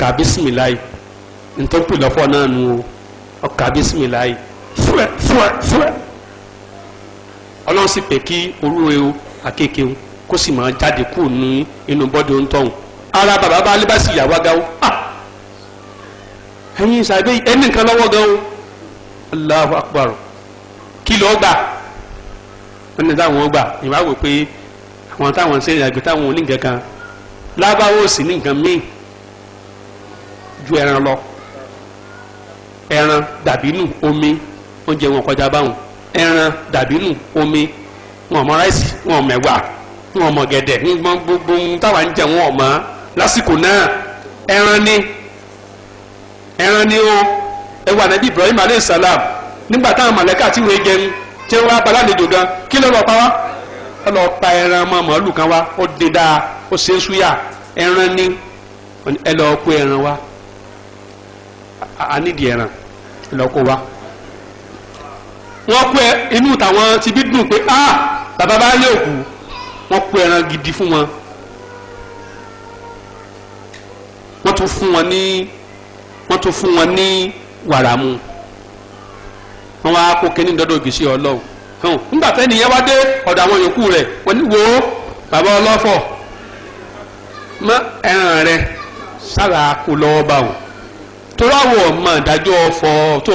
ka bísímìláì ntọ́pù lọ́fọ̀ náà o ka bísímìláì fúẹ̀ fúẹ̀ fúẹ̀ ọlọ́run sì pé kí o kó sì máa jáde kúrò ní inú ara bàbá bá alẹ́ ga o ẹni nǹkan lọ́wọ́ o Allahu Akbar kí ló gbà táwọn gbà ìwà wò pé àwọn táwọn ṣe táwọn lábáwò sí ní ju ẹran lọ ẹran dàbínù omi oúnjẹ wọn kọjá báwọn ẹran dàbínù omi wọn mọ ráìsì wọn mẹwàá wọn mọ gẹdẹ wọn gbogbo ohun táwa ń jẹ wọn mọ lásìkò náà ẹran ni ẹran ni ó ẹwà nàbí Ibrahim aleyhi salam nígbà táwọn mọlẹka tí wọn jẹun tí wọn abaládejò gan kí ló lọ pa wá ó lọ pa ẹran ọmọ màálù kan wá ó dín dáa ó ṣe é súyà ẹran ni ẹ lọ kó ẹran wá ànídìí ẹran lọ́kọ̀ wa wọ́n kú ẹ inú tàwọn ti bí dùn pé ah bàbá bá lé òkú wọ́n kú ẹran gidi fún wọn wọ́n tún fún wọn ní wọ́n tún fún wọn ní wàrà mu wọ́n wá kó kínní dọ́dọ̀ gèsè ọlọ́run hàn nígbà tẹ́ni wá dé ọ̀dọ̀ àwọn yòókù rẹ̀ wọ́n ní wo bàbá ọlọ́fọ̀ mọ ẹran rẹ̀ sára kó lọ́wọ́ bá torí àwọn ọmọ ìdájọ́ ọfọ tó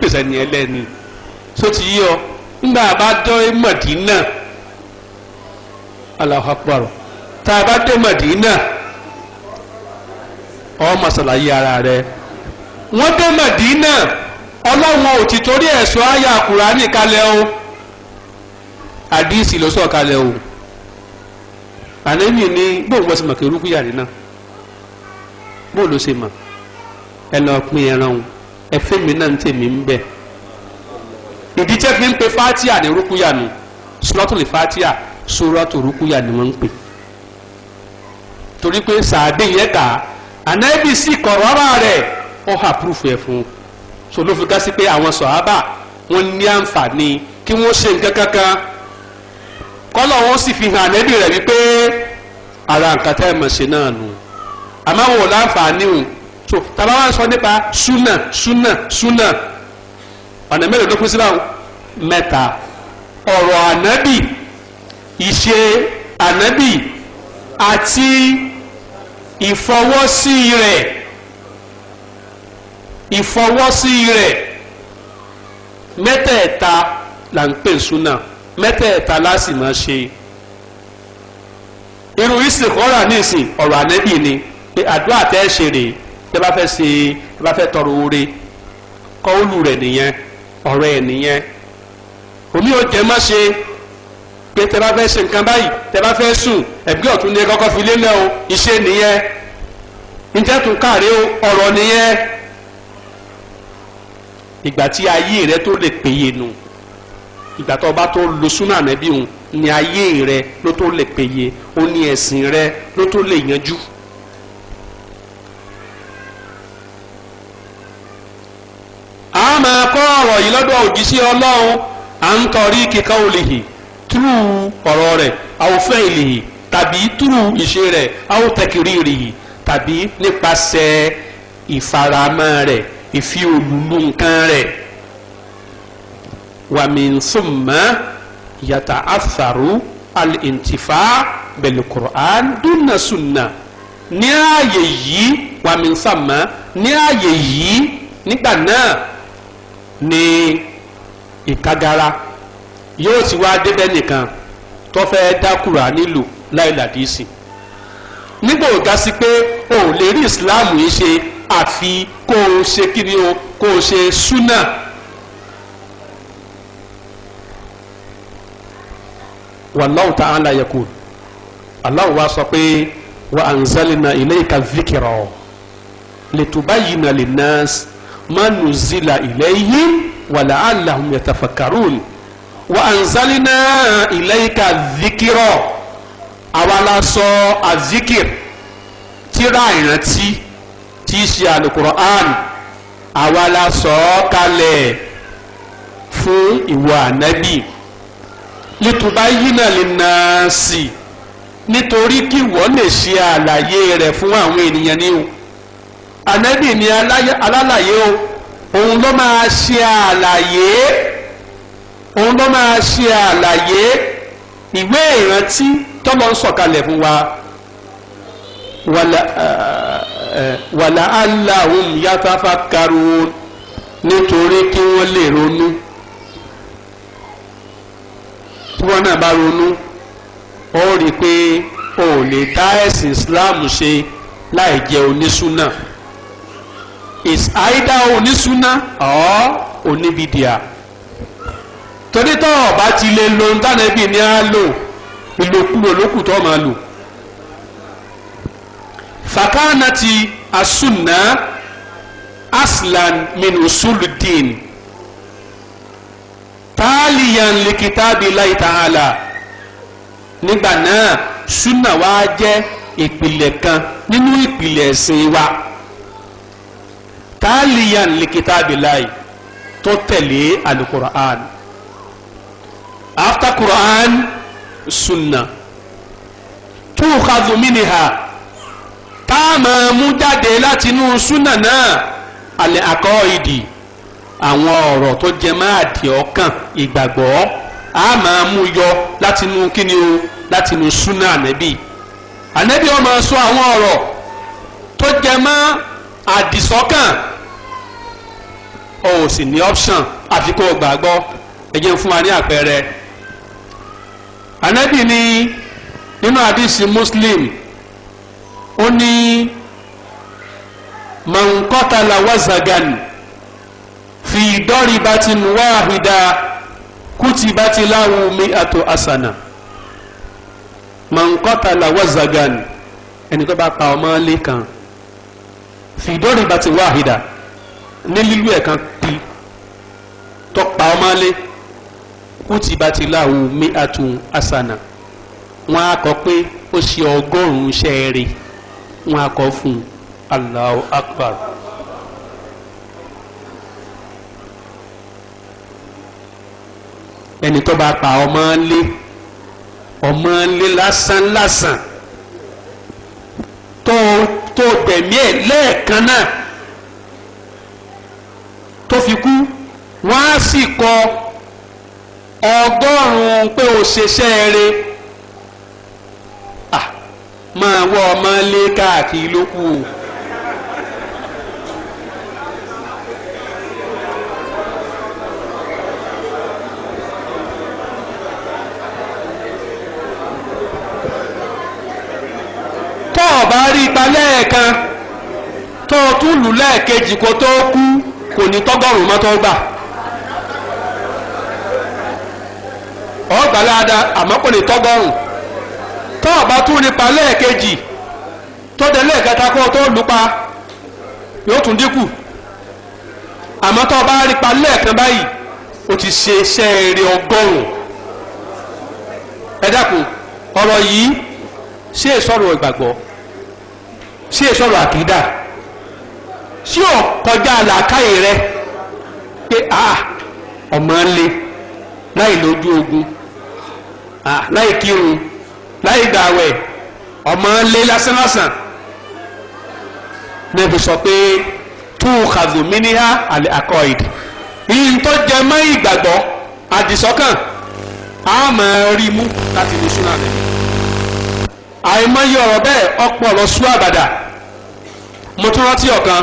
pèsè ní ẹlẹ́ni tó ti yí ọ nígbà bá Mọ̀dínà Allahu Akbar tá a bá dé Mọ̀dínà ṣàlàyé ara rẹ wọ́n dé Mọ̀dínà ọlọ́run ò ti torí ẹ̀sọ́ kalẹ̀ o àdìsí ló sọ kalẹ̀ o àlẹ́ mi ní bóun náà bóun ló ẹ lọ pín ẹran o ẹ fẹ́mi náà ń tèmi ń ìdí tẹ́ fi ń pe fatia ní rúkúyà nù sùrọ́tùlì fatia sùrọ́tù rúkúyà ni wọ́n ń pè. torí pé sàádé yẹn kà á ebi sì kọ̀rọ̀ ara ó hà púrúfù ẹ̀ fún un. so ló fi ká sí pé àwọn sọ̀hábà wọ́n ní àǹfààní kí wọ́n ṣe nǹkan kankan kọ́lọ̀ wọn sì fi hàn ànábì rẹ̀ wípé ara nǹkan tẹ́ ẹ̀ mọ̀ ṣe náà nù àmọ́ wọn ò láǹfààní so tàbá wá sọ nípa suna. súnà súnà ọ̀nà mélòó ló pín sí báwọn mẹ́ta ọ̀rọ̀ ànábì ìṣe ànábì àti ìfọwọ́sí rẹ̀ ìfọwọ́sí rẹ̀ mẹ́tẹ̀ẹ̀ta là ń pè súnà mẹ́tẹ̀ẹ̀ta láti máa ṣe irun ìsìnkọ́ra ní ìsìn ọ̀rọ̀ ànábì ni pé àdúrà tẹ́ ṣe rèé tẹ́ bá fẹ́ ṣe tẹ́ bá fẹ́ tọrọ oore kọ́ọ̀lù rẹ̀ nìyẹn ọ̀rọ̀ ẹ̀ nìyẹn omi ò jẹ́ má ṣe pé tẹ́ bá fẹ́ ṣe nǹkan báyìí tẹ́ bá fẹ́ sùn ẹ̀gbẹ́ ọ̀tún ni kọ́kọ́ fi lélẹ̀ o iṣẹ́ nìyẹn njẹ́ tún káàrí o ọ̀rọ̀ nìyẹn ìgbà tí ayé rẹ tó lè péye nù ìgbà tó bá tó lo súnà nẹ́bí òun ni ayé rẹ ló tó lè péye ó ní ẹ̀sìn rẹ ló tó lè yanjú. a máa kọ́ ọ̀rọ̀ yìí lọ́dọ̀ òjíṣẹ́ ọlọ́run à ń tọrí kíkọ́ olèhì túrú ọ̀rọ̀ rẹ̀ àwòfẹ́ ìlèhì tàbí túrú ìṣe rẹ̀ àwòtẹ́kìrì rèhì tàbí nípasẹ̀ ìfaramọ́ rẹ̀ ìfi òlùlù nǹkan rẹ̀ wàmínsùnmọ́ yàtà àfàrú alìntìfà bẹ̀lẹ̀ kùrán dúnà ní ààyè yìí wàmínsàmọ́ ní ààyè yìí nígbà náà Ni ìkágára yóò sì wá débẹ̀ nìkan tó fẹ́ dákùrà nílùú láì làdísì ga sí pé o ò lè rí ìsìláàmù yìí ṣe àfi kó o ṣe kíni o kó o ṣe súnà wallahu ta'ala yakun Allah wa sọ pé wa anzalna ilayka dhikra litubayyina linnas manuzila ilayhim wàlà àlàhùn yatafakkarun wa anzalina ilayka dhikra àwa la sọ azikir tíra ìrántí tí í ṣe alukur'an àwa la sọ ọ́ kalẹ̀ fún ìwọ ànábì litubayyina linnasi nítorí kí wọ́n lè ṣe àlàyé rẹ̀ fún àwọn ènìyàn ní ànábì ni alálàyé o òun ló máa ṣe àlàyé òun ló máa ṣe àlàyé ìwé ìrántí tọ́lọ́ ń sọ̀kalẹ̀ fún wa wàlà aláhùn yáfáfá karùn nítorí kí wọ́n lè ronú tí wọ́n náà bá ronú ó rí i pé ò lè dá ẹ̀sìn Islam ṣe láì jẹ́ onísùnà is either onísúná or oníbìdíà torí tó ọba ti lè lo ntánẹ́bì ni a lò ìlòkulò lókù tó máa lò fàkànà ti asúnà aslan min usuludin taaliyan likitabi lai ta'ala nígbà náà súnà wa jẹ́ ìpìlẹ̀ kan nínú ìpìlẹ̀ ẹ̀sìn wa taliyan likitabilayi tó tẹ̀lé alukur'an after quran sunna tukhadhu minha tá a máa mú jáde látinú sunna náà alẹ́ akọ́ ìdí àwọn ọ̀rọ̀ tó jẹ mọ́ àdì ọkàn ìgbàgbọ́ a máa mú yọ látinú kíni o látinú sunna ànẹ́bí ànẹ́bí ó máa sọ àwọn ọ̀rọ̀ tó jẹ mọ́ àdìsọ́kàn o ò sì ní option àfi kó o gbàgbọ́ ẹ jẹ́ fún wa ní àpẹẹrẹ. ànábì ni nínú àdìsí muslim ó ní mọ̀nkọ́tàlá wazagan fi dọ́rí bá ti nù wáhìdá kùtì bá ti láwùú mi àtò àsànà mọ̀nkọ́tàlá wàzàgàn ẹni tó bá pa ọmọ lé fi dọ́rí bá ti ní lílù ẹ̀ kan pi tọ́pa ọmọlé kùtì bá ti láwùn mi àtún àsànà wọn á kọ pé ó ṣe ọgọ́rùn-ún iṣẹ́ rẹ̀ wọn á kọ fún un Akbar. ẹni tó bá pa ọmọ lé ọmọ lé lásán lásán tó tó gbẹ̀mí ẹ̀ lẹ́ẹ̀kan náà tó fi kú wọ́n á sì kọ ọgọ́rùn-ún pé ó ṣeṣẹ́ eré máa wọ ọmọ lé káàkiri ló kù o. tọ́ bá rí ipa lẹ́ẹ̀kan tó tún lù lẹ́ẹ̀kejì kó tó kú kò ní tọ́gọ́rùn mọ́ tó gbà ọgbà dáadáa àmọ́ kò ní tọ́gọ́rùn tó ọba tún nípa lẹ́ẹ̀kejì tó dé lẹ́ẹ̀kẹta kó tó lùpa yóò tún dínkù àmọ́ tó ọba rípa lẹ́ẹ̀kan báyìí o ti ṣe iṣẹ́ eré ọgọ́rùn ẹ dákun ọ̀rọ̀ yìí ṣé èso ọ̀rọ̀ ìgbàgbọ́ ṣé èso ọ̀rọ̀ àkídà tí ò kọjá làákàyè rẹ pé a ọmọ ń le láì lójú ogun láì kírun láì gbàwẹ̀ ọmọ ń le lásánlásán ní fi sọ pé tú kàdùmíníà àlẹ àkọìdì yìí tó jẹ mọ́ ìgbàgbọ́ àdìsọ́kàn a máa rí mú láti ní súnà rẹ àìmọye ọ̀rọ̀ bẹ́ẹ̀ ọ̀pọ̀ ọ̀rọ̀ sú àbàdà mo tún rántí ọ̀kan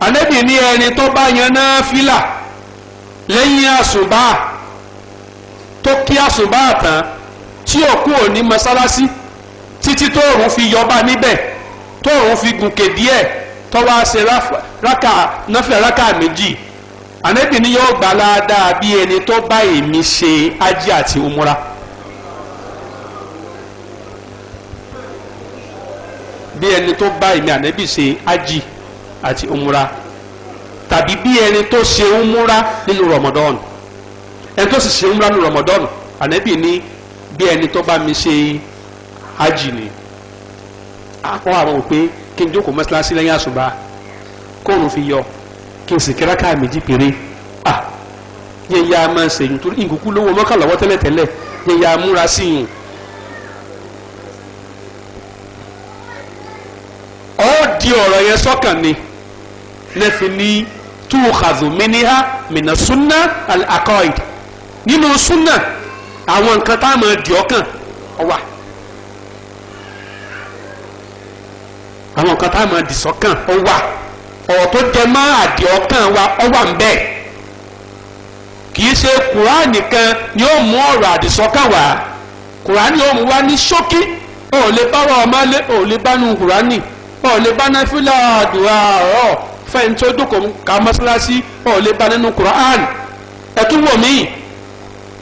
ànábì ní ẹni tó bá yan náfìlà lẹ́yìn àsùbá tó kí àsùbá tán tí òkú ò ní mọ́sálásí títí tóòrùn fi yọba níbẹ̀ tóòrùn fi gùnkè díẹ̀ tó wá ṣe rákà náfìlà rákà méjì ànábì ní yóò gbà ládàá bí ẹni tó bá èmi ṣe ájí àti umura. bí ẹni tó bá èmi ànábì ṣe ájí àti umura, tàbí bí ẹni tó ṣe umra nínú Ramadan ẹni tó sì ṣe umra nínú Ramadan ànábì ní bí ẹni tó bá mi ṣe hajj ni àkọ́ àwọn ò pé kí n jókòó mọ́ṣáláṣí lẹ́yìn àṣùbà kóòrùn fi yọ kí n sì kí rákà méjì péré à yẹn ya máa ń ṣèyún torí ìkúkú lówó mọ́kànlọ́wọ́ tẹ́lẹ̀tẹ́lẹ̀ yẹn ya múra sí yùn. ó di ọ̀rọ̀ yẹn sọ́kàn ni lẹ́fi ní túkàdù mínìhà mìnà súnà àkọ́ìd nínú súnà àwọn nǹkan tá a mọ̀ di ọkàn ọwà àwọn nǹkan tá a mọ̀ di sọ́kàn ọwà ọ̀rọ̀ tó jẹ mọ́ àdì ọkàn wa ọwà ń bẹ kì í ṣe Qur'an nìkan ni ó mú ọ̀rọ̀ àdìsọ́kàn wá Qur'an ni ó mú wá ní ṣókí ò wa ọmọ lé ò lè bá nu Qur'an ò lè bá fẹ́yìn tó dúkọ̀ ká mọ́sálásí ọ̀ lè ba nínú Qur'an ẹ̀tún wọ̀ mí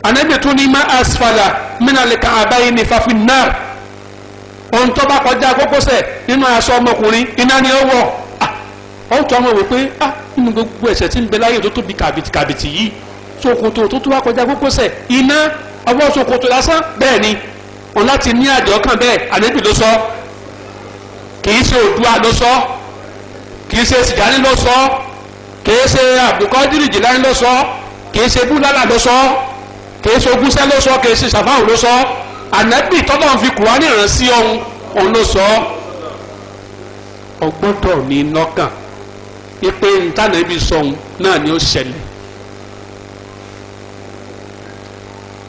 anabi ní ma asfala mínàlẹ̀ kan àbáyé ní fàfin náà ohun tó bá kọjá kókósẹ̀ nínú aṣọ ọmọkùnrin iná ni ó wọ̀ ọ̀ tó àwọn wò pé ah nínú gbogbo ẹ̀ṣẹ̀ tí ń bẹ láyé tó tóbi kàbìtì kàbìtì yìí ṣòkòtò tó tó wá kọjá kókósẹ̀ iná ọwọ́ ṣòkòtò lásán bẹ́ẹ̀ ni òun láti ní àdìọ́kàn bẹ́ẹ̀ ànábì ló sọ kì í ṣe òdua ló sọ. So kì í ṣe sìgání ló sọ kì í ṣe àbùkọ́dìrì jìlání ló sọ kì í ṣe búlálà ló sọ kì í ṣe ogúnṣẹ́ ló sọ kì í ṣe ṣàfáwò ló sọ ànábì tọ́lọ́ fi kùránì rán sí ọ̀hún òun ló sọ ọgbọ́dọ̀ ní lọ́kàn pípé ntànàbí sọ̀hún náà ni ó ṣẹlẹ̀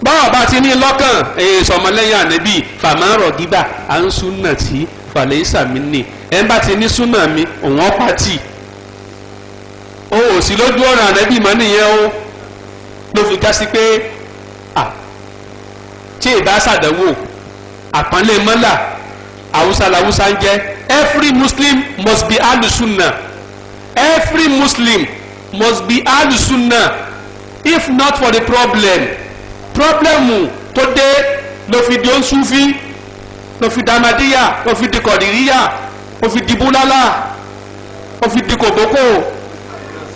báwa bá ti ní lọ́kàn èyí sọmọlẹ́yìn ànábì fàmárọ̀ gígbà à ń sún náà tí falẹ̀ ìsàmì nì ẹ̀ ń bá ti ní súnà mi òun ọ́ pàtì o ò sí lójú ọ̀rọ̀ ànábì mọ́ nìyẹn o ló fi ká sí pé tí ìbá ṣàdánwò àpọ́nlé mọ́là haúsá làwúsá ń jẹ́ every muslim must be alusunna every muslim must be alusunna if not for the problem problem tó dé ló fi di ó ń ló fi dàmàdíyà ló fi di kọ̀dìríyà ló fi di búlálà ló fi di kòbókò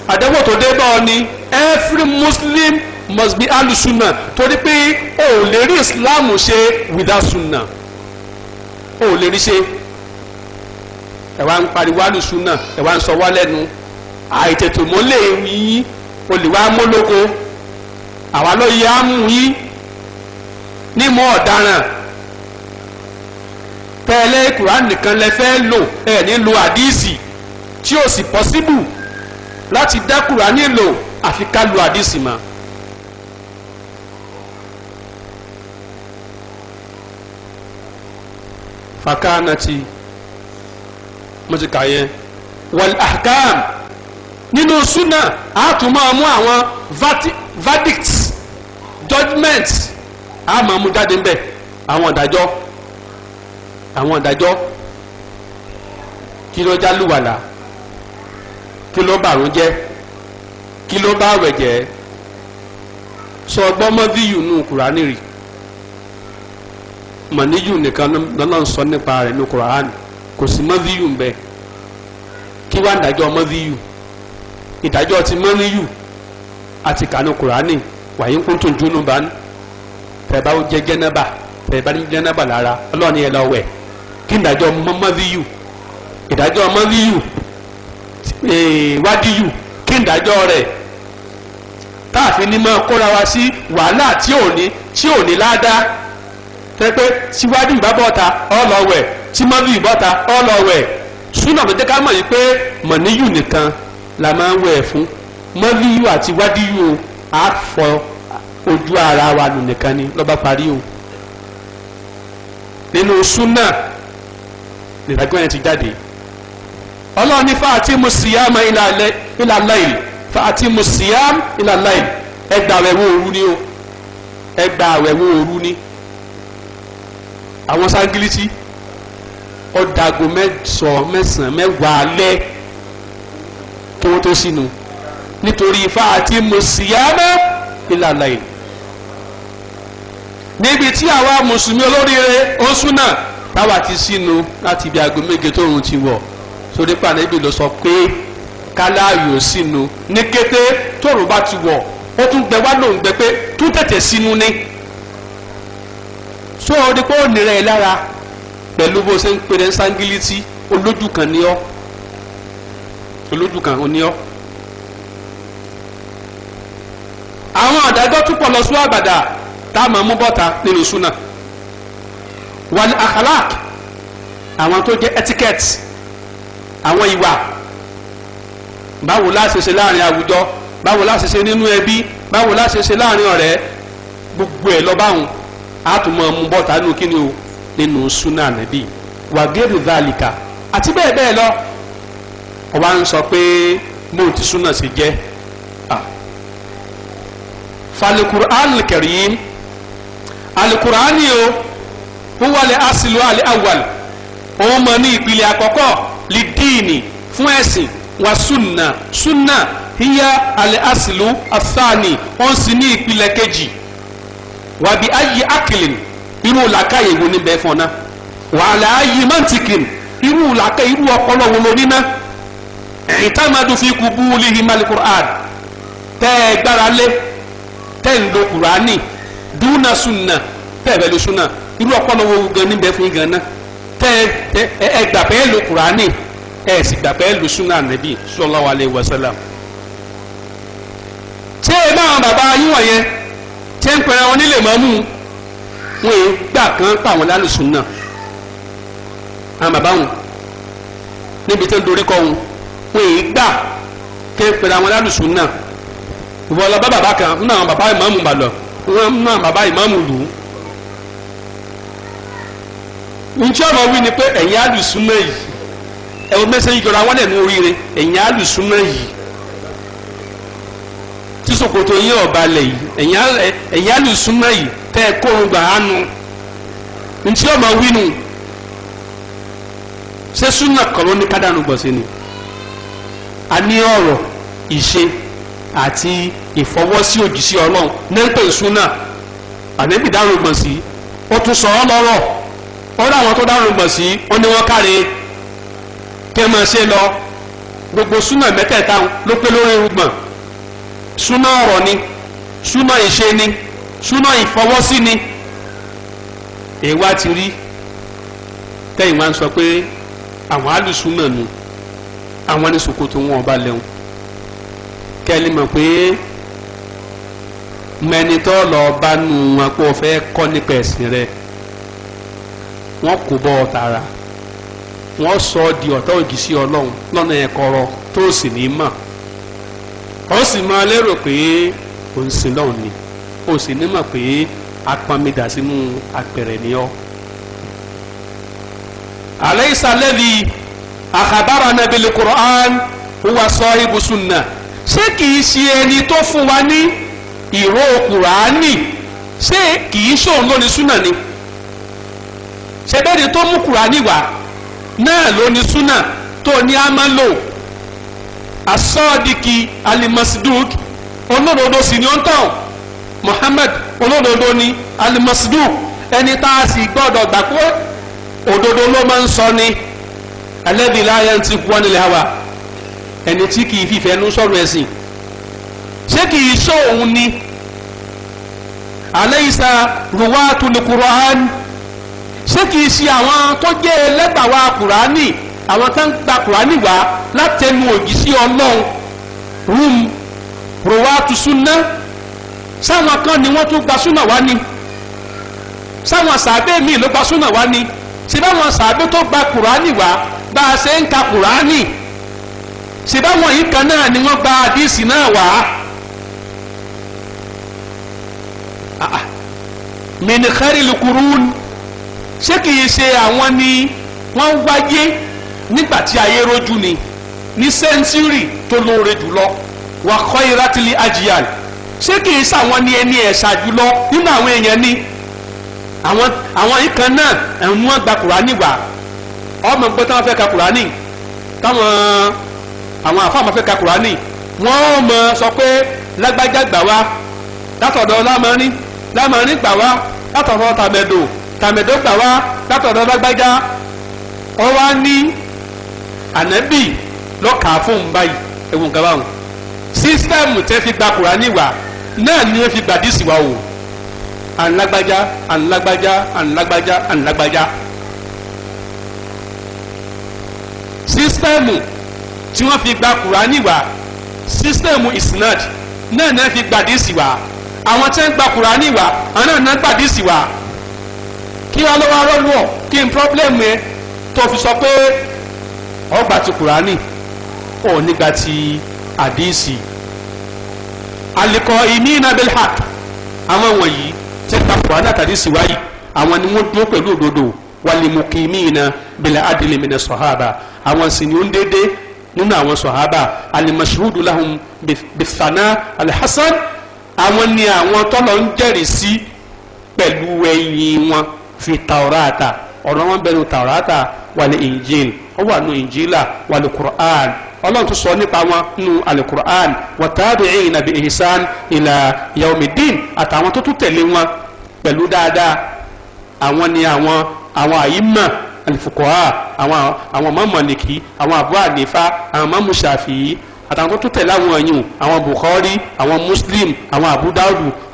àdéhùn tó dé bá ọ ni every muslim must be alusuna torí pé o ò lè rí islam ṣe without sunna o ò lè rí ṣe ẹ wá ń pariwo alusuna ẹ wá ń sọ wá lẹ́nu àìtètè mọ́lẹ̀ yín olùwà mọ́lóko àwa ló yẹ mú yín ní mọ́ ọ̀daràn tẹ́lẹ̀ quran nìkan lẹ fẹ́ lò ẹ̀ ní lo àdìsí tí ò sì pọ́síbù láti dá quran lò àfi ká lo àdìsí mọ́. fakanati mo ti kà yẹn wal ahkam nínú súnà a tún máa mú àwọn verdicts judgments a máa mú jáde ń bẹ̀ àwọn ìdájọ́ àwọn ìdájọ́ kí ló já lùwàlà kí ló bàrún jẹ́ kí ló bá àwẹ̀ jẹ́ sọ gbọ́mọ́dí yìí nù kùránì rì mọ̀níyù nìkan lọ́nà ń sọ nípa rẹ̀ nù kùránì kò sí mọ́díyù ń bẹ kí wá ìdájọ́ mọ́díyù ìdájọ́ ti mọ́níyù àti kànú kùránì wàyí ń kún tó bá ń tẹ̀ bá jẹ́ jẹ́nẹ́bà tẹ̀ bá jẹ́nẹ́bà lára ọlọ́ọ̀ni ẹ̀ lọ́wẹ̀ẹ́ kí ìdájọ́ mọ́mọ́díyù ìdájọ́ mọ́mọ́díyù wádìyù kí ìdájọ́ rẹ̀ táàfin ní máa kóra wa sí wàhálà tí ò ní tí ò ní ládàá pẹ́pẹ́ tí wádìí bá bọ́ta ọlọ́wẹ̀ tí mọ́mọ́díyù bọ́ta ọlọ́wẹ̀ súnà tó jẹ́ ká mọ̀ yìí pé mọ̀níyù nìkan la máa ń wẹ̀ fún mọ́mọ́díyù àti wádìyù àfọ ojú ara wa nù nìkan ni lọ́ba parí o nínú súnà nìdájọ́ yẹn ti jáde ọlọ́run ní fàátì mu síyámà ìlà láìl fàátì mu síyám ìlà láìl ẹgbà àwẹ̀wò òru ni o ẹgbà àwẹ̀wò òru ni àwọn sangiliti ọ̀dàgò mẹ́sàn-án mẹ́sàn-án mẹ́wàá lẹ́ tó tó sínú nítorí fàátì mu síyámà ìlà láìl níbi tí àwa mùsùlùmí olóríire oṣù náà báwa ti sínú láti ibi aago méje tóòrùn ti wọ̀ sórí pàdébì ló sọ pé káláàyò sínú ní kété tóòrùn bá ti wọ̀ ó tún gbẹ wá lóun gbẹ pé tún tètè sínú ní so ó di pé ó nira ẹ lára pẹ̀lú bó ṣe ń pèrè ń sangilítì olójú kan ní ọ́ olójú kan ní ọ́ àwọn àdájọ́ tún lọ sí àgbàdà tá a máa mú bọ́ta nínú súnà wal akhlaq àwọn tó jẹ́ etiquette àwọn ìwà báwo la láàrin àwùjọ báwo la ṣe ṣe nínú ẹbí báwo la ṣe ṣe láàrin ọ̀rẹ́ gbogbo ẹ̀ lọ báwọn a tún mọ ọmú bọ́ta nínú kíni o nínú súnà nàbí wàgẹ́rù dhalika àti bẹ́ẹ̀ bẹ́ẹ̀ lọ ọba ń sọ pé mo ti súnà sí jẹ́ falukur'an kẹrìm alukur'ani o huwa lè asilu alẹ́ awal òun mọ̀ ní ìpìlẹ̀ àkọ́kọ́ lè díìnì fún ẹ̀sìn wa sunna sunna hiya alẹ́ asilu athani òun sì ní ìpìlẹ̀ kejì wàbí ayé akilin irú làákàyè wo ni bẹ́ẹ̀ fọ́n náà wàhálà ayé mantikin irú làákàyè irú ọpọlọ wo ló ní ìtàmàdù fi kú bú lihi mali qur'an ẹ gbára lé tẹ́ ń lo dúnà sunna tẹ́ ẹ bẹ́ẹ̀ lu sunna irú ọpọlọ wo gan níbẹ̀ fún yín gan náà tẹ ẹ ẹ gbà pé ẹ lo kùránì ẹ sì gbà pé lo súnà nàbì sallallahu alaihi wasallam. ṣé ẹ náà bàbá yín wọ̀nyẹn ṣé ń pẹ̀rẹ̀ wọn nílé mọ́mú wọn èyí gbà kan pa àwọn lálùsùn náà àwọn bàbá wọn níbi tó ń dorí kọ wọn wọn èyí gbà kẹ́ ń pẹ̀rẹ̀ àwọn lálùsùn náà ìwọ bá bàbá kan nínú bàbá ìmáàmù bàlọ̀ wọn nínú bàbá ìmáàmù lù ú njẹ́ ọ̀rọ̀ wí ni pé ẹ̀yin alùsùnmọ̀ yìí ẹ̀wọ̀n mẹ́sẹ̀jì jọra wọn lẹ́nu oríire ẹ̀yin alùsùnmọ̀ yìí tí ṣòkòtò yín ọ̀ba lẹ̀ yìí ẹ̀yin alùsùnmọ̀ yìí tẹ́ ẹ kórun gbà á nu nu ṣé súnà kan ní kádàánù gbọ̀nsẹ̀ ni a ní ọ̀rọ̀ ìṣe àti ìfọwọ́sí òjì sí ọlọ́run ní ń pè súnà àbẹ́bí dárò gbọ̀nsẹ̀ ó tún sọ ọ́ lọ́rọ̀ ọ̀rọ̀ àwọn tó dárun gbọ̀n sí ó ní wọ́n káre kẹ́ máa ṣe lọ gbogbo súnà mẹ́tẹ̀ẹ̀ta ló pé lórí irúgbọ̀n súnà ọ̀rọ̀ ni súnà ìṣe ni súnà ìfọwọ́sí ni èèwà ti rí tẹ́yìn wá ń sọ pé àwọn alùsùnà ni àwọn ní ṣòkòtò wọn ọba lẹ́hùn kẹ́lí mọ̀ pé mẹ́nitọ́ lọ́ọ́ bá nu wọn pé o fẹ́ kọ́ nípa ẹ̀sìn rẹ̀ wọ́n kò bọ́ ọ tààrà wọ́n sọ ọ́ di ọ̀tá òdì sí ọlọ́run lọ́nà yẹn kọ̀rọ̀ tó sì ní mọ̀ ó sì máa lérò pé òun sìn lọ́hùn ni ó sì ní mọ̀ pé apamidà sínú apẹ̀rẹ̀ ni ọ́. alaysa alladhi akhbarana bil Qur'an huwa sahibu sunnah ṣé kìí ṣe ẹni tó fún wa ní ìró Kùránì ṣé kìí ṣòun lónìí súnà ni. Sunna, ṣẹbẹ́ni tó mú kùránì wá náà ló ní súnà tó ní amálò asọ́ọ̀dìkì alimasiduk olódodo sì ni ó ń tàn Muhammad olódodo ni alimasiduk ẹni tá a sì gbọ́dọ̀ gbà pé òdodo ló máa ń sọ ni alẹ́bí láyé ti kú wọn nílẹ̀ àwà ẹni tí kì í fìfẹ́ nú sọ̀rọ̀ ẹ̀sìn ṣé kì í ṣó òun ni alaysa ruwatu ni Qur'an ṣé kìí ṣe àwọn tó jẹ́ ẹlẹ́gbàwá kùránì àwọn tó ń gba kùránì wá látẹnu òjíṣẹ́ ọlọ́run rúm rọwátú súnná sáwọn kan ni wọ́n tún gba súnà wá ni sáwọn sàbẹ́ míì ló gba súnà wá ni ṣe báwọn sàbẹ́ tó gba kùránì wá bá a ṣe ń ka kùránì ṣe báwọn yìí kan náà ni wọ́n gba àdìsí náà wá. Ah, ah. min kharil qurun ṣé kìí ṣe àwọn ni wọ́n ń wáyé nígbà tí ayé rojú ni ní sẹ́ńtúrì tó lóore jùlọ wà kọ́ irátìlì ajiyan ṣé kìí ṣe àwọn ni ẹni ẹ̀ṣà jùlọ nínú àwọn èèyàn ni àwọn àwọn ìkan náà ẹ̀hún wọn gba kùránì wà ọmọ gbọ́ táwọn fẹ́ ka kùránì táwọn àwọn àfáà máa fẹ́ ka kùránì wọ́n mọ̀ sọ pé lágbájá gbà wá látọ̀dọ̀ lámọ́rin lámọ́rin gbà wá látọ̀dọ̀ tàmẹ́dò tàmẹ̀dó gbà wá látọ̀dọ̀ lágbájá ọ wá ní ànábì lọ́kàá fún un báyìí ewu nǹkan báwọn sísítẹ́ẹ̀mù tẹ́ fi gba kùránì wá náà ni wọ́n fi gbà dísì wá o ànlágbájá ànlágbájá ànlágbájá ànlágbájá sísítẹ́ẹ̀mù tí wọ́n fi gba kùránì wá sísítẹ́ẹ̀mù isnad náà ni wọ́n fi gbà dísì wa, àwọn tí wọ́n gba kùránì wá àwọn náà ni gbà dísì wá. kí wàá lọ́wọ́ arọ́ lù kí n problem yẹn tó fi sọ pé ọgbà ti kùránì ò nígbà ti àdìsí alikọ ìní nabil haq àwọn wọ̀nyí tẹ́ta kùránì àtàdìsí wáyé àwọn ni wọ́n dúró pẹ̀lú òdodo walimukimina bila adili mina sahaba àwọn sì ni ó ń dédé nínú àwọn sahaba alimashudu lahum bifana alhassan àwọn ni àwọn tọlọ ń jẹ́rìí sí pẹ̀lú ẹ̀yìn wọn. fi taurata ọ̀rọ̀ wọn bẹnu taurata wàlẹ̀ injil ó wà nù injila wàlẹ̀ qur'an ọlọ́run tún sọ nípa wọn nù alẹ́ qur'an wàtàbí'ina bi ihsan ila yaumidin àtàwọn tó tún tẹ̀lé wọn pẹ̀lú dáadáa àwọn ni àwọn àwọn àyímọ̀ alifukoha àwọn àwọn mọ̀mọ̀lìkì àwọn abu anifa àwọn mọ̀mùsàfì àtàwọn tó tún tẹ̀lé àwọn ẹ̀yìn àwọn bukhari àwọn muslim àwọn abu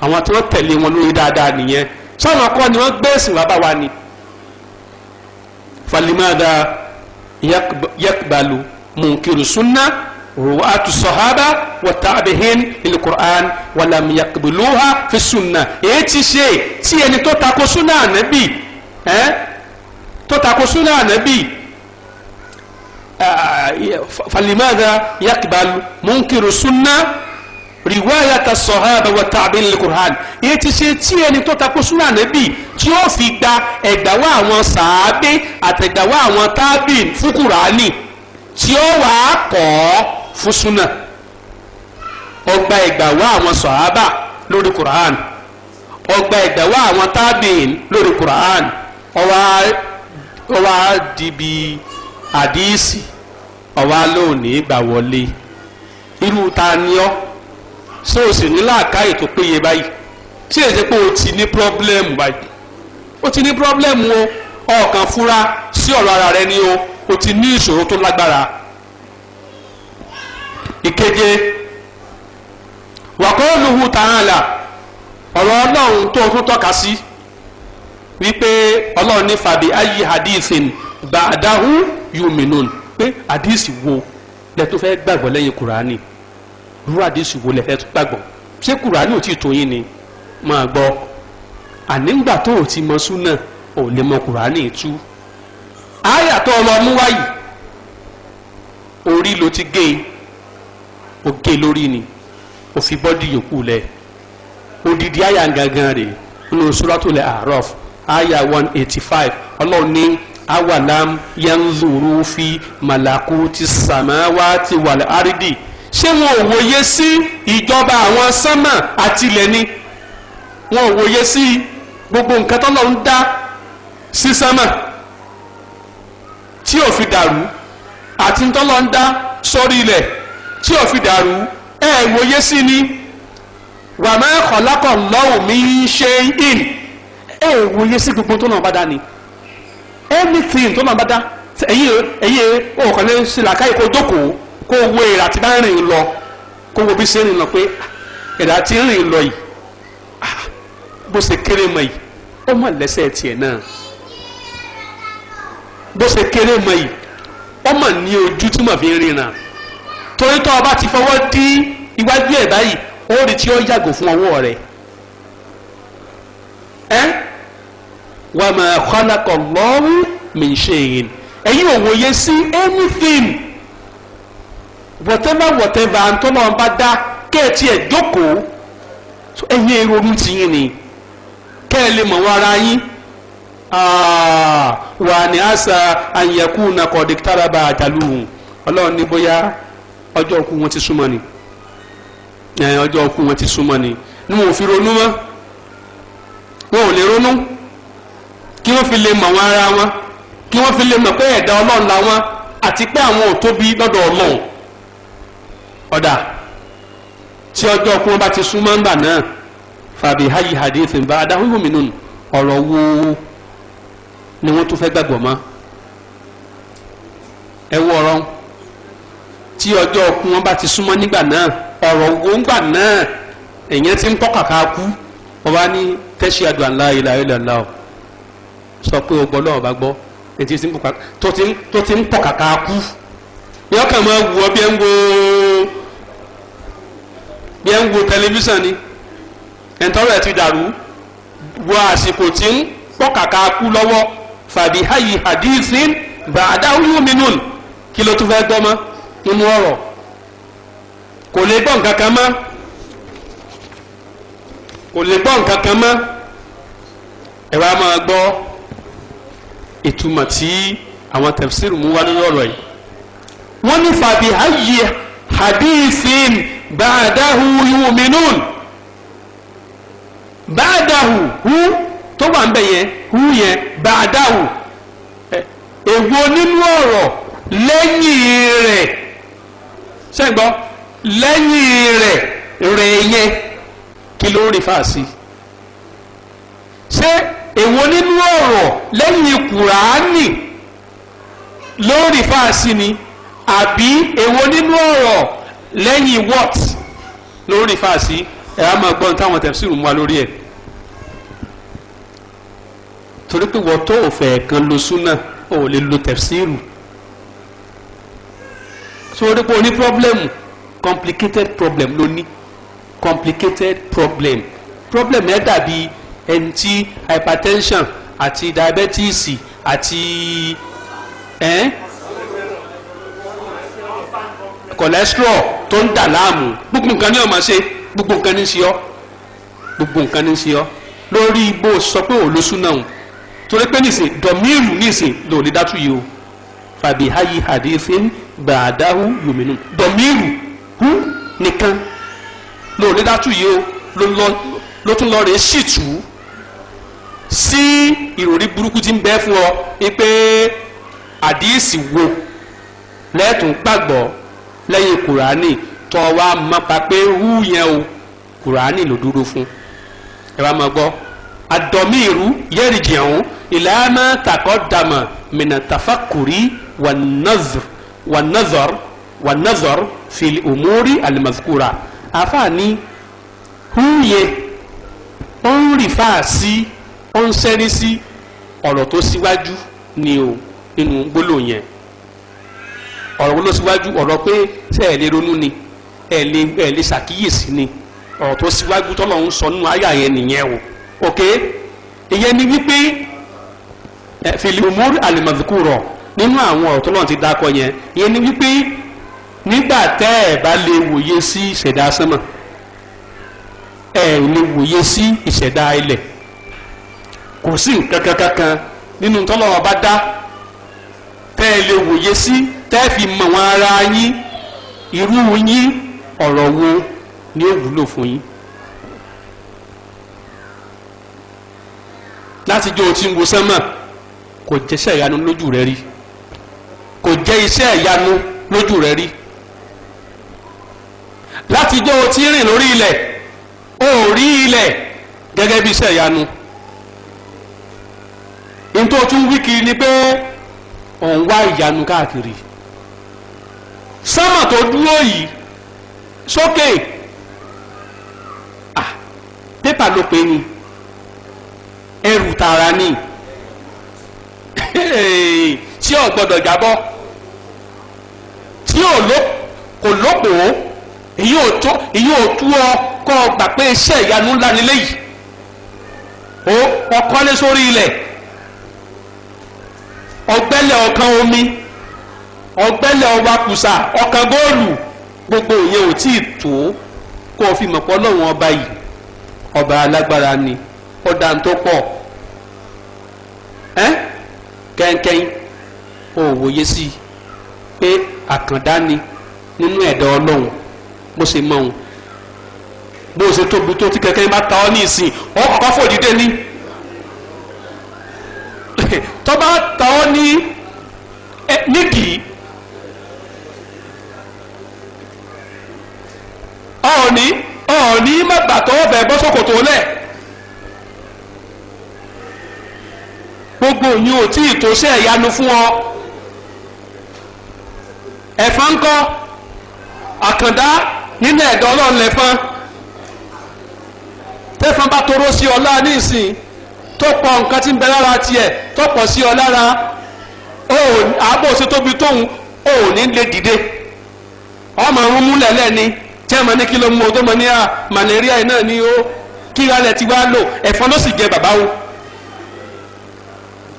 àwọn tí tẹ̀lé wọn lórí dáadáa nìyẹn sáwọn akọ ni wọ́n gbé ẹ̀sìn wá bá wa ni falimada yakbalu munkiru sunna ruwaatu sahaba wa taabihin lil qur'an walam yakbaluha fi sunna èyí ti ṣe tí ẹni tó tako sunna ànábì ẹ tó tako sunna ànábì falimada yakbalu munkiru sunna riwayata sọ̀hábà wa tàbí lukurhan èyí ti ṣe tí ẹni tó takò súnà nẹ́bì tí ó fi gba ẹ̀gbàwá àwọn sàábé àtẹ̀gbàwá àwọn tábì fún kùránì tí ó wà á kọ́ fún súnà ọgbà ẹ̀gbàwá àwọn sàábà lórí kùrán ọgbà ẹ̀gbàwá àwọn tábì lórí kùrán ọwá dìbì àdìsí ọwá lónìí gbà wọlé irú ta ni ọ́ ṣé o sì ní làákàyè tó péye báyìí ṣé èsì pé o ti ní pírọ́blẹ́mù báyìí o ti ní pírọ́blẹ́mù o ọ̀kan fúra sí ọ̀rọ̀ ara rẹ ni o o ti ní ìṣòro tó lágbára. ìkeje wàkọ́ọ̀lùhù tààlà ọ̀rọ̀ ọlọ́run tó o tún tọ́ka sí wípé ọlọ́run ní fàbí ayé hadithin ba'dahu yu'minun pé hadith wo lẹ́tọ́ fẹ́ gbàgbọ́ lẹ́yìn kùránì. irú àdìsí wo lẹ fẹ́ gbàgbọ́ ṣé kùránì ò tí tó yín ni máa gbọ́ ànígbà tó o ti mọ súnà ò lè mọ kùránì tú àyà tó o lọ mú wáyì orí ló ti gé e ó gé lórí ni ó fi bọ́dì yòókù lẹ̀ odidi àyà gangan rèé nínú suratul aya àyà one eighty five ọlọ́run ní awalam yanzuru fi malakuti ti wal aridi. ṣé wọn ò wòye sí ìjọba àwọn sánmà àtilẹ̀ ni wọn ò wòye sí gbogbo nǹkan tó lọ ń dá sí sánmà tí ò fi dàrú àti tó lọ ń dá sórí ilẹ̀ tí ò fi dàrú ẹ wòye sí ni wàmẹ́ kọ̀lákọ̀ lọ́wọ́ mi ń ṣe in ẹ wòye sí gbogbo tó náà bá dá ni anything tó náà bá dá ẹ̀yin ẹ̀yin òkànlẹ̀ sílàkà ìkó dókòó kó wo èrà tí bá rìn lọ kó wo bí ṣe rìn lọ pé èrà tí rìn lọ yìí ah, bó ṣe kéré mọ yìí ó mọ lẹ́sẹ̀ tiẹ̀ náà bó ṣe kéré mọ yìí ó mọ ní ojú tí mo fi ń torí tó o bá ti fọwọ́ dí iwájú ẹ̀ báyìí ó rí tí ó yàgò fún ọwọ́ rẹ̀ ẹ́ wàmà khalaqa Allahu min shay'in ẹ̀yin ò wòye sí anything. whatever whatever àtọ́nà bá dá kẹ́ẹ̀tì ẹ̀ jókòó ti yín ni kẹ́ẹ̀ lè ara yín wà ní àṣà àyẹ̀kú tàràbà ọlọ́run ní bóyá ọjọ́ òkú wọn ti súnmọ́ ni eh, ọjọ́ òkú wọn ti súnmọ́ ni ni wọn ò fi ronú mọ́ wọn ò lè ronú kí wọ́n fi lè mọ̀ wọn ọ̀dà tí ọjọ́ kún wọn bá ti súnmọ́ ńgbà náà fàbí hayi hadithin bá adáhùn mi nù ọ̀rọ̀ wo ni wọ́n tún fẹ́ gbàgbọ́ mọ́ ẹ wọ ọ̀rọ̀ tí ọjọ́ kún wọn bá ti súnmọ́ nígbà náà ọ̀rọ̀ wo ńgbà náà èèyàn ti ń kọ́ kàkà kú wọ́n ní tẹ́sí àdùn àlá ilà ilà ńlá o sọ pé o gbọ́ lọ́wọ́ bá gbọ́ tó ti ń pọ̀ kàkà kú yọkàn máa wù ọ bí ẹ ń wo yẹn ń wo tẹlifíṣàn ni ẹ̀ńtọ́rọ̀ ẹ̀ ti dàrú wo àsìkò tí ń pọ́kàkà kú lọ́wọ́ fàbí hayi hadithin bàdáwù yuminun kí ló tún fẹ́ gbọ́ mọ́ inú ọ̀rọ̀ kò lè gbọ́ nǹkan kan mọ́ kò lè gbọ́ nǹkan kan mọ́ ẹ wá máa gbọ́ ìtumọ̀ tí àwọn tafsir mú wá nínú ọ̀rọ̀ yìí wọ́n ní fàbí hayi ba'dahu yu'minun ba'dahu hu tó wà ń bẹ̀ yẹn hu yẹn ba'dahu èwo nínú ọ̀rọ̀ lẹ́yìn rẹ̀ ṣẹ́gbọ́ lẹ́yìn rẹ̀ rẹ̀ yẹn kí ló rí fàásì ṣé èwo nínú ọ̀rọ̀ lẹ́yìn kùránì ló fàásì ni àbí èwo nínú ọ̀rọ̀ lẹ́yìn what ló ń rìfà sí ẹ̀ á máa gbọ́n táwọn tẹ̀síìrù mú wa lórí ẹ̀ torí pé wọ́n tó òfẹ́ kan lo súnà ò lè lo tẹ̀síìrù sórí pé o ní complicated problem ló ní complicated problem problem yẹn dàbí ẹni tí hypertension àti diabetes àti ẹ̀. Eh? cholesterol tó ń dà láàmú gbogbo nǹkan ní ọmọ ṣe gbogbo nǹkan ní ṣe ọ gbogbo nǹkan ní ṣe ọ lórí bó sọ pé òun ló súná òun torí pé nìsín dọ̀míìlù nìsín ló lè dátú yìí o fàbí hayi hadithin gbàdáhù yòmínú dọ̀míìlù hù nìkan ló lè dátú yìí o ló tún lọ rèé sì tù ú sí ìròrí burúkú tí ń bẹ fún ọ wípé àdìsí wo lẹ́ẹ̀tún gbàgbọ́ lẹ́yìn kùránì tọ́ wa mọ́pa pé hu yẹn o kùránì ló dúró fún ẹ wá máa gbọ́ àdọ̀míìrú yẹ́rìjìhún ìlànà taqaddama mìnà tafakuri wà nazar wà nazar wà nazar fìlì òmórí àlùmọ̀sùkúra àfààní hu yẹ ó ń rìfáà sí ó ń sẹ́rí sí ọ̀rọ̀ tó síwájú ni o nínú gbólóyìn ọ̀rọ̀ wo ló síwájú ọ̀rọ̀ pé ṣe ẹ̀ lè ronú ni ẹ̀ lè ẹ̀ lè ṣàkíyèsí ni ọ̀rọ̀ tó síwájú tọ́lọ̀ ń sọ nínú àyà yẹn nìyẹn o ok ìyẹn ni wípé filimur alimadukuro nínú àwọn ọ̀rọ̀ tọ́lọ̀ ti dákọ yẹn ìyẹn ni wípé nígbà tẹ́ ẹ̀ bá lè wòye sí ìṣẹ̀dá sánmà ẹ̀ lè wòye sí ìṣẹ̀dá ilẹ̀ kò sí nǹkan kankan nínú tọ́lọ̀ ọba dá tẹ́ ẹ lè wòye sí tẹ́ẹ̀fì mọ̀ wọn ara yín irú yín ọ̀rọ̀ wo ni ó wúlò fún yín. láti jọ tí ń wo sánmà kò jẹ́ iṣẹ́ ìyanu lójú rẹ rí kò jẹ́ iṣẹ́ ìyanu lójú rẹ rí láti jọ tí rìn lórí ilẹ̀ ó rí ilẹ̀ gẹ́gẹ́ bí iṣẹ́ ìyanu nítorí tún wíkì ni pé òun wá ìyanu káàkiri sánmà tó dúró yìí sókè ah pépà ló pé ni ẹrù tààrà ni tí ò gbọdọ̀ jábọ́ tí kò lópòó èyí ò tú ọ kọ́ ọ gbà pé iṣẹ́ ìyanu ńlá nílé yìí ó ọkọ́lé sórí ilẹ̀ ọgbẹ́lẹ̀ ọkàn omi. ọgbẹ́lẹ̀ ọba kùsà ọkàn gbogbo onye ò tí ì tó kó o fi mọ̀ pọ́ lọ́wọ́n ọba yìí ọba alágbára ni ọ̀dà tó pọ̀ ẹ́ kẹ́ńkẹ́ń ò wòye sí i pé àkàndá ni nínú ẹ̀dá ọlọ́run bó ṣe mọ̀ bó ṣe tóbi tó tí kẹ́kẹ́ bá ta ọ́ ní ọ̀ọ́ni ọ̀ọ́ni mẹ́gbàtọ́ ọ̀bẹ ọ sókòtò lẹ̀ gbogbo yìí ò tí ì tó sẹ́ ìyanu fún ọ ẹ̀fọn kọ́ àkàndá nínú ẹ̀dọ́ ọlọ́run lẹ́fọn tẹ́fọn bá toró sí ọlá nísìn tó pọ̀ nǹkan tí ń bẹ lára tiẹ̀ tó pọ̀ sí ọ lára ààbò tóbi tóun ò ní lè dìde ọmọ ọrùn lẹ́ni. tí a máa ní kí ló mú o tó ní à ah, malaria yìí náà ni ó kí alẹ̀ ti wá lò ẹ̀fọn ló sì jẹ bàbá o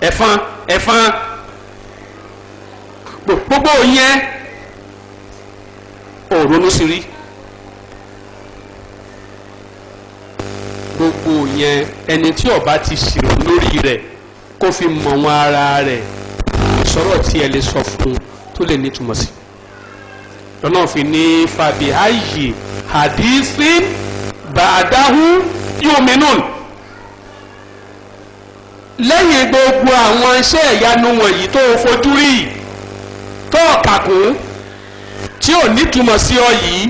ẹ̀fọn ẹ̀fọn gbogbo yẹn ò ronú sí rí gbogbo yẹn ẹni tí ọba ti ṣèrò lórí rẹ̀ kó fi mọ̀ wọn ara rẹ̀ sọ̀rọ̀ tí ẹ lè sọ fún un tó lè nítumọ̀ sí lọ́nà fi ní fàbí ayé hadisi bàdáhù yu'minun lẹ́yìn gbogbo àwọn iṣẹ́ ìyanu wọ̀nyí tó o fojú rí tó o kàkún tí ò nítumọ̀ sí ọ yìí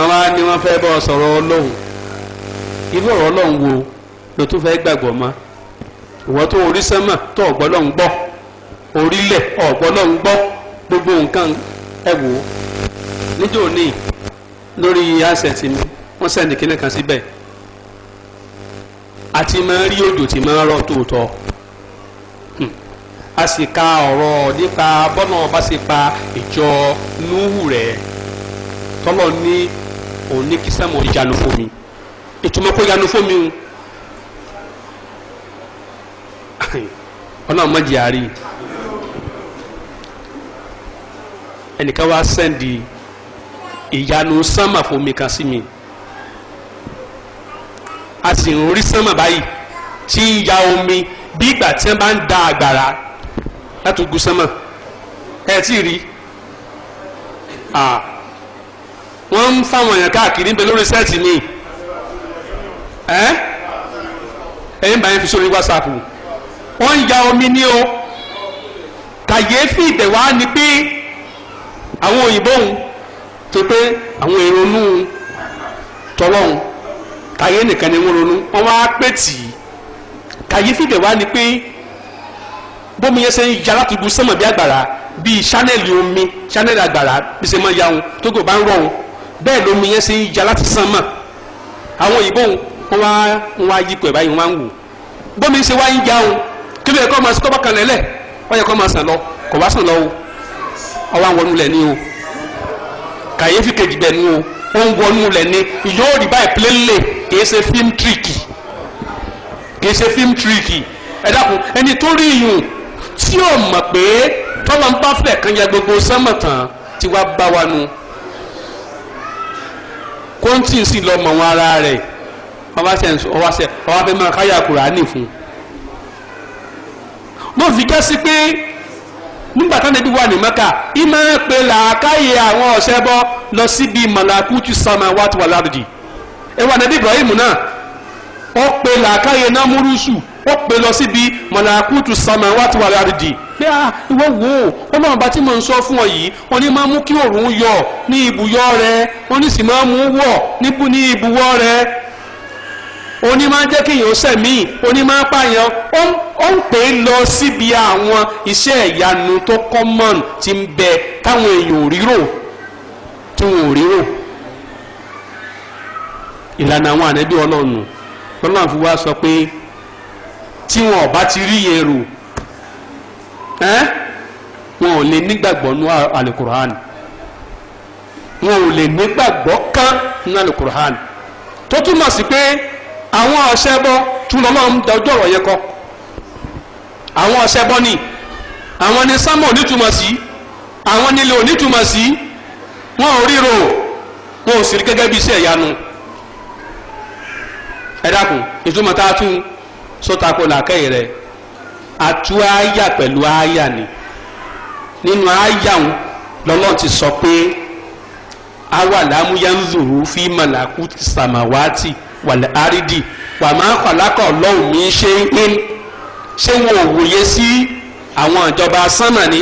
àwọn ni wọ́n fẹ́ bọ́ sọ̀rọ̀ ọlọ́run irú ọ̀rọ̀ ọlọ́run wo ló tún fẹ́ gbàgbọ́ mọ́ ìwọ tó orí sẹ́mà tó ọ̀gbọ́ lọ́hùn gbọ́ orílẹ̀ ọ̀gbọ́ lọ́hùn gbọ́ gbogbo nǹkan ẹ wò ó níjọ́ òní lórí asset mi wọ́n sẹ́ndì kíní kan síbẹ̀ àti máa rí òjò tí máa rọ̀ tòótọ́ hmm. a sì ka ọ̀rọ̀ nípa bọ́nà ọba sì pa ìjọ núhù rẹ̀ tọ́lọ̀ ní òun ní kí sẹ́mọ̀ ìyanu fún mi ìtumọ̀ kó yanu fún mi o ọlọ́run mọ̀jì àárí ẹnìkan wá sẹ́ndì ìyanu sánmà fomi kan sí mi a sì ń rí sánmà báyìí tí ń ya omi bí ìgbà tí wọ́n bá ń da àgbàrá láti gun sánmà ẹ tí ì rí wọ́n ń fáwọn èèyàn káàkiri níbẹ̀ lórí sẹ́ẹ̀tì mi ẹ́ ẹ̀yìn báyìí fi sórí wásaapù wọ́n ń ya omi ní o kàyéfì ìbẹ̀wá ni pé àwọn òyìnbó ń ti pé àwọn ìrònú tọlọ́hún táyé nìkan ni wọ́n ronú wọ́n wá pè tì í kàyéfì dẹ̀ wá ni pé bómi yẹn ṣe ń ya láti du sánmọ̀ bí àgbàrá bíi ṣánẹ́ẹ̀lì omi ṣánẹ́ẹ̀lì àgbàrá bí ṣe máa ya òun tó kò bá ń rọ̀ òun bẹ́ẹ̀ lómi yẹn ṣe ń ya láti sánmọ̀ àwọn òyìnbó wọn wá wọn wá yípo ẹ̀ báyìí wọn wá ń wò bómi ṣe wá ń ya òun kí ló yẹ kó máa sọ kó wọ́n yẹ kó máa sàn lọ kò wá sàn lọ ọwọ́ àwọn ọ̀nulẹ̀ ni o kàyéfì kejì bẹ̀ ni o ó ń wọnú lẹ̀ ni yóò rí báyìí pélélè kìí ṣe fíìmù tírìkì kìí ṣe fíìmù tírìkì ẹ dákun ẹni tó rí iyùn tí ò mọ̀ pé tọ́lọ́ ń bá fẹ̀ kan ya gbogbo sẹ́mọ̀ tí wàá bá wa nu kóńtì sì lọ mọ̀ wọn ara rẹ̀ ọba ṣe ọba ṣe ọba fẹ́ máa káyà kùránì fún un mo fi kẹ́sí pé nígbà táwọn ẹbí wà ní mẹ́kà ìmọ̀ ẹ pé làákàyè àwọn ọ̀sẹ̀ bọ́ lọ síbi mọ̀làkútù sàmà wàtí wà lárùdì ẹwà nàbí Ibrahim náà ó pe làákàyè námúrúsù ó pe lọ síbi mọ̀làkútù sàmà wàtí wà lárùdì pé à ah, ìwọ wò ó ọlọ́run bá tí mò ń sọ fún ọ yìí wọn ní máa mú kí òòrùn yọ ní ibùyọ rẹ wọn ní sì máa mú wọ̀ ní ibùwọ̀ rẹ oní máa ń jẹ́ kéèyàn sẹ̀mí oní máa ń pààyàn ó ń ń lọ síbi àwọn iṣẹ́ ìyanu tó common ti ń bẹ táwọn èèyàn ò rírò tí wọn ò rírò ìlànà àwọn ànábì ọlọ́run lọ́nà àfi sọ pé tí wọn ò ti rí yẹn rò wọn ò lè nígbàgbọ́ nú alukur'an wọn ò lè nígbàgbọ́ kán nú alukur'an tó túmọ̀ sí pé àwọn ọ̀ṣẹ́ bọ́ tún lọ́mọ́ ń dọjọ́ ọ̀rọ̀ yẹn kọ́. àwọn ọ̀sẹ̀ bọ́ ni àwọn ni sámọ̀ onítùmọ̀ sí àwọn nílò onítùmọ̀ sí wọn ò ríro wọn ò sì rí gẹ́gẹ́ bí iṣẹ́ ìyanu ẹ dákun ìtumọ̀ tá a tún sọ́tako làákẹ́yì rẹ̀ atú àyà pẹ̀lú àyà ni nínú àyà òun lọ́lọ́run ti sọ pé awa làmú fi màlàkú sàmàwátì wàlẹ̀ àrídì wàmà kọ̀lákọ̀ lọ́hùn ṣe ń ṣé wọn ò wòye sí àwọn ìjọba sánmà ni.